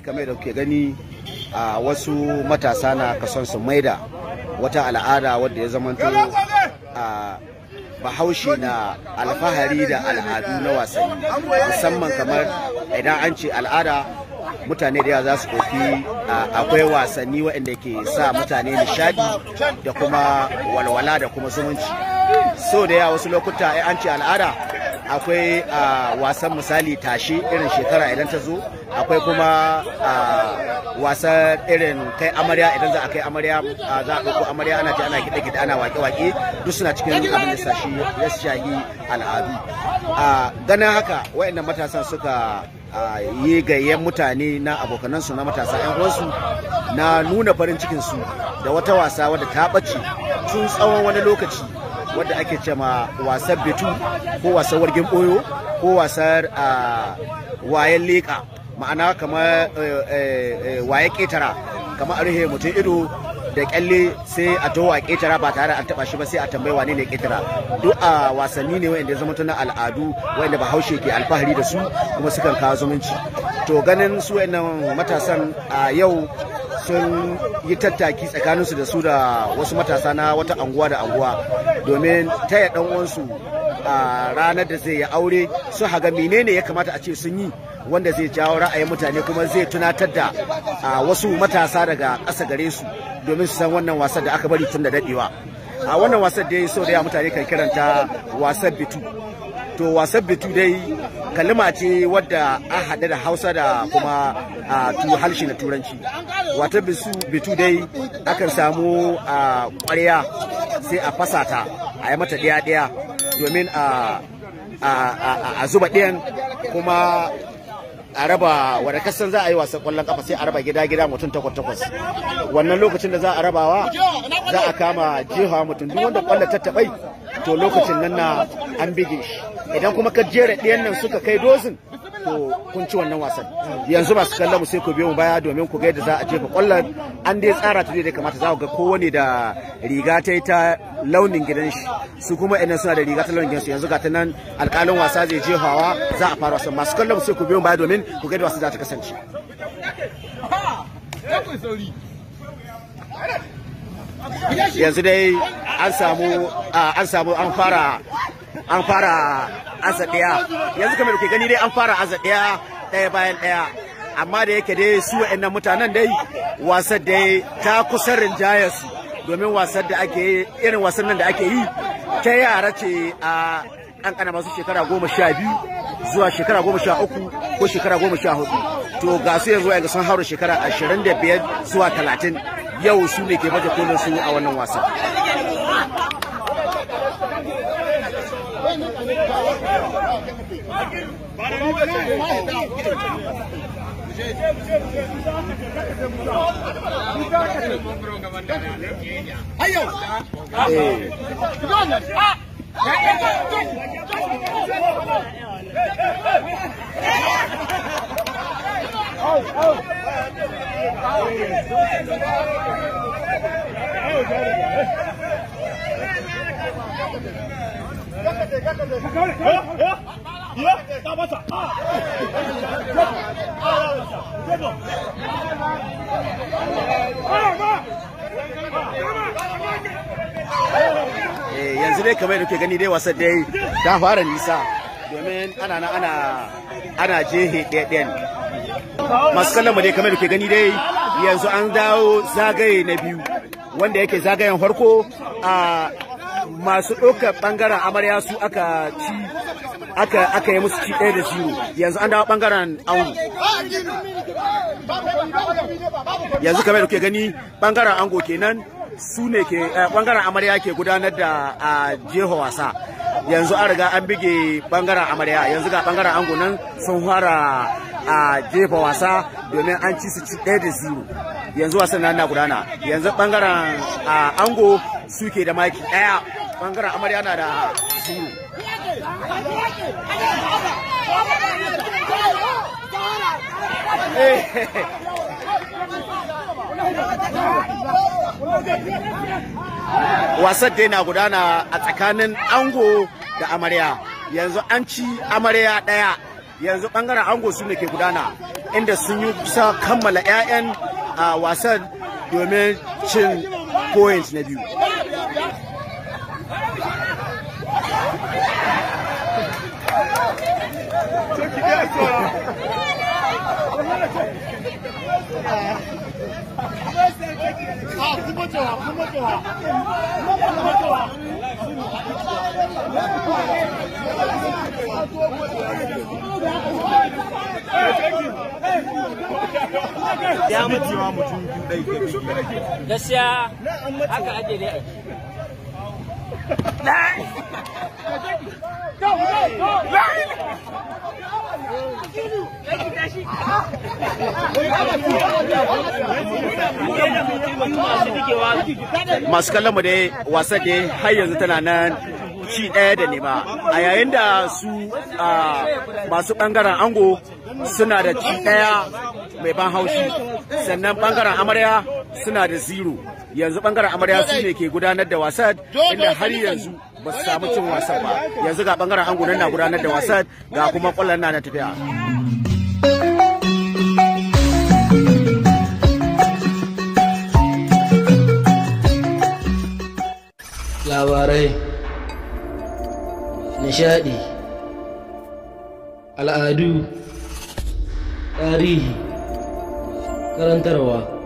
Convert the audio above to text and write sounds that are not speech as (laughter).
kamar da kuke gani a wasu matasa na kason su maida wata al'ada wadda ya zamanto a bahaushe na alfahari da al'adu na wasanni musamman kamar idan an ce al'ada mutane da yawa za su ɗauki akwai wasanni waɗanda ke sa mutane nishadi da kuma walwala da kuma zumunci so da yawa wasu lokuta ya an ce al'ada akwai wasan misali tashe irin shekara idan ta zo akwai kuma wasan irin kai amarya idan za a kai amarya za a ɗauko amarya ana ta ana kiɗe-kiɗe ana wake-wake duk suna cikin abin da sashi ya shahi al'adu ganin haka waɗannan matasan suka yi gayyen mutane na abokanansu na matasa 'yan uwansu na nuna farin cikinsu da wata wasa wadda ta ɓace tun tsawon wani lokaci wadda ake cema wasar betu ko wasar wargin boyo ko wasar wayan leƙa ma'ana kamar eh, eh, eh, waye ƙetara kamar a mutum ido da kyalle sai a taho a ketara ba tare an taba shi ba sai a tambayi wane ne ketara duk a wasanni ne wanda ya zama tana al'adu wanda bahaushe ke alfahari da su kuma sukan kawo zumunci to ganin su wayannan matasan a yau sun yi tattaki tsakaninsu da su da wasu matasa na wata anguwa da anguwa domin taya dan uwansu a ranar da zai yi aure su haga menene ya kamata a ce sun yi wanda zai jawo ra'ayin mutane kuma zai tunatar da wasu matasa daga ƙasa gare su domin su san wannan wasan da aka bari tun da daɗewa a wannan wasan dai so da ya mutane kan kiranta wasan bitu to wasan bitu dai kalima ce wadda a haɗe da hausa da kuma a harshe na turanci wata bitu dai akan samu a ƙwarya sai a fasa ta a yi mata ɗaya-ɗaya domin a zuba ɗayan kuma a raba wadda kasan za a yi wasan kwallon kafa sai a raba gida gida mutum takwas takwas wannan lokacin da za a rabawa za a kama jiha mutum duk wanda kwallon ta tabai to lokacin nan na an bige shi idan kuma ka jera ɗiyan nan suka kai dozin to kun ci wannan wasan yanzu masu kalla mu sai ku biyo mu baya domin ku ga yadda za a jefa kwallon an dai tsara ta da kamata za ku ga kowane da riga ta ta launin gidan shi su kuma ina suna da riga ta launin gidan su yanzu ga ta nan alƙalin wasa zai jefawa za a fara wasan masu kalla mu sai ku biyo mu baya domin ku ga yadda wasan za ta kasance yanzu dai an samu an fara an fara aza ɗaya yanzu kamar ke gani dai an fara aza ɗaya ɗaya bayan ɗaya amma da yake dai su wa'annan mutanen dai wasan dai ta kusan rinjaya su domin wasan da ake irin wasan nan da ake yi ta yara ce a ƙanƙana masu shekara goma sha biyu zuwa shekara goma sha uku ko shekara goma sha hudu to ga su yanzu ga sun haura shekara ashirin da biyar zuwa talatin yau su ne ke baje kolin su a wannan wasan Ayo. Ah. Oh, oh. Oh, Ah. Eh, yanzu dai kamar da kuke gani dai wasa dai ta fara nisa domin ana na ana ana jehe ɗaiɗen masu kallon mu dai kamar da kuke gani dai yanzu an dawo zagaye na biyu wanda yake zagayen farko a masu ɗaukar ɓangaren amarya su aka ci aka yi musu ci ɗaya da zero yanzu an dawo bangaren ango yanzu kamar ke kuke gani bangaren ango kenan su ne ke bangaren eh, amarya ke gudanar da a jeho wasa yanzu an riga an bige bangaren amarya yanzu ga bangaren ango nan sun fara a jefa wasa domin an ci su ci ɗaya da zero yanzu wasan nan na gudana yanzu bangaren ango suke da maki ɗaya bangaren amarya na da zero (laughs) wasan dai na gudana a tsakanin ango da amarya yanzu an ci amarya ɗaya yanzu bangaren ango su ne ke gudana inda sun yi kusa kammala 'ya'yan a wasan domin cin points na biyu kuma cewa kuma cewa kuma ya gaskiya haka ake dai masu kallon mu dai wasa dai har yanzu tana nan ci ɗaya da nema a yayin da su masu ɓangaren ango suna da ci ɗaya mai ban haushi sannan ɓangaren amarya suna da zero yanzu bangaren amarya su ne ke gudanar da wasan inda har yanzu ba su samu cin wasan ba yanzu ga bangaren angu na gudanar da wasan ga kuma kwallon na na tafiya labarai nishadi al'adu tarihi karantarwa